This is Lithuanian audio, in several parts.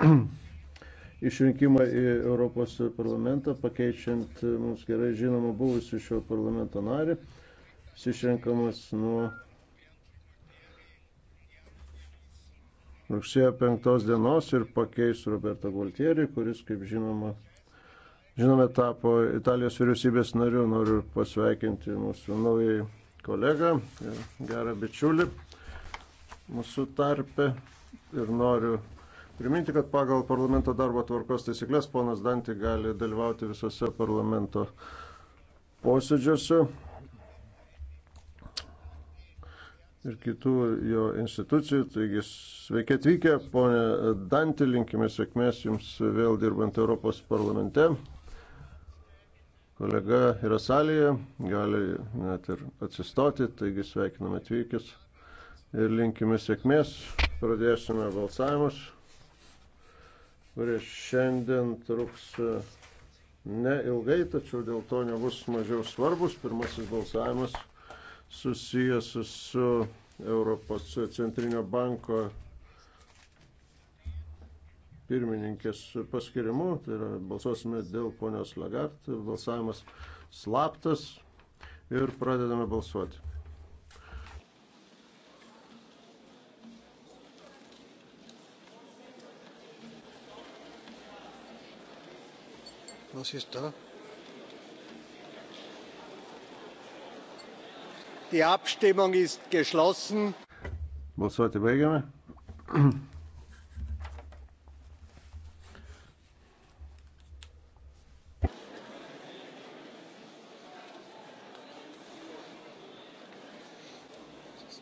išrinkimą į Europos parlamentą, pakeičiant e, mums gerai žinomą buvusių šio parlamento narį. Jis išrenkamas nuo rugsėjo 5 dienos ir pakeis Roberto Gualtierį, kuris, kaip žinoma, žinome, tapo Italijos vyriausybės nariu. Noriu pasveikinti mūsų naują kolegą, e, gerą bičiulį mūsų tarpe ir noriu Priminti, kad pagal parlamento darbo tvarkos taisyklės ponas Dantį gali dalyvauti visose parlamento posėdžiuose ir kitų jo institucijų. Taigi sveiki atvykę, ponė Dantį, linkime sėkmės jums vėl dirbant Europos parlamente. Kolega yra salėje, gali net ir atsistoti, taigi sveikiname atvykus ir linkime sėkmės. Pradėsime balsavimus kuri šiandien truks e, neilgai, tačiau dėl to nebus mažiau svarbus. Pirmasis balsavimas susijęs su Europos centrinio banko pirmininkės paskirimu, tai yra balsuosime dėl ponios Lagart, balsavimas slaptas ir pradedame balsuoti. no si está. Die Abstimmung ist geschlossen. Balsuoti baigiame.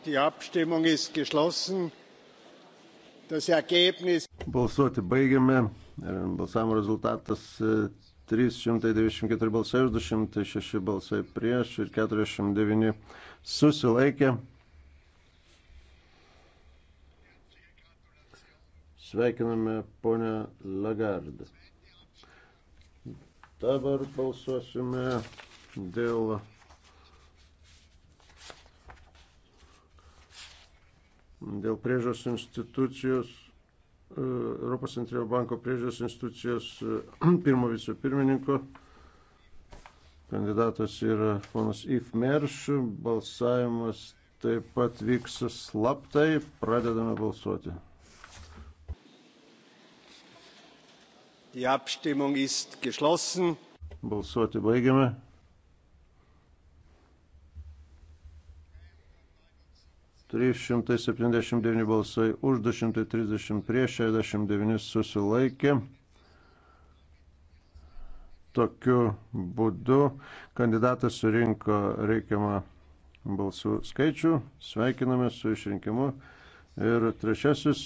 Die Abstimmung ist geschlossen. Das Ergebnis. Balsuoti baigiame. Balsavimo rezultatas 394 balsai už, 206 balsai prieš ir 49 susilaikė. Sveikiname ponę Lagardą. Dabar balsuosime dėl dėl priežos institucijos Europos centrinio banko priežiūros institucijos pirmo vicepirmininko. Kandidatas yra ponas If Merš. Balsavimas taip pat vyks slaptai. Pradedame balsuoti. Die Abstimmung ist geschlossen. Balsuoti baigiame. 379 balsai už, 230 prieš, 69 susilaikė. Tokiu būdu kandidatas surinko reikiamą balsų skaičių. Sveikiname su išrinkimu. Ir trečiasis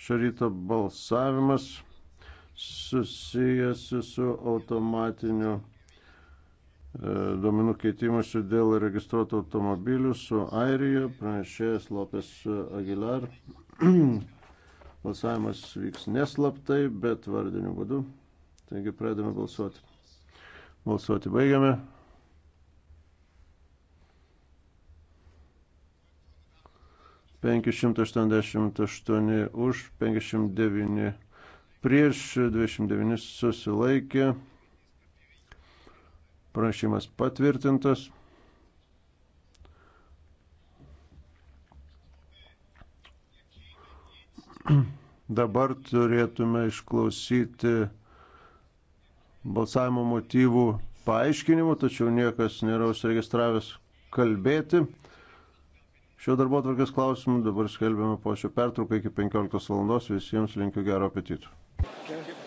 šio ryto balsavimas susijęs su automatiniu E, duomenų keitimuose dėl registruotų automobilių su Airija, pranešėjas Lopes Aguilar. Balsavimas vyks neslaptai, bet vardiniu būdu. Taigi pradame balsuoti. Balsuoti baigiame. Penkišimtas aštuoniasdešimt aštuoni už, penkišimtas devyni prieš, dvidešimt devyni susilaikė. Prašymas patvirtintas. Dabar turėtume išklausyti balsavimo motyvų paaiškinimų, tačiau niekas nėra užsiregistravęs kalbėti. Šio darbo atvarkės klausimų dabar skelbiame po šio pertrauką iki 15 val. Visiems linkiu gero apetito. Okay.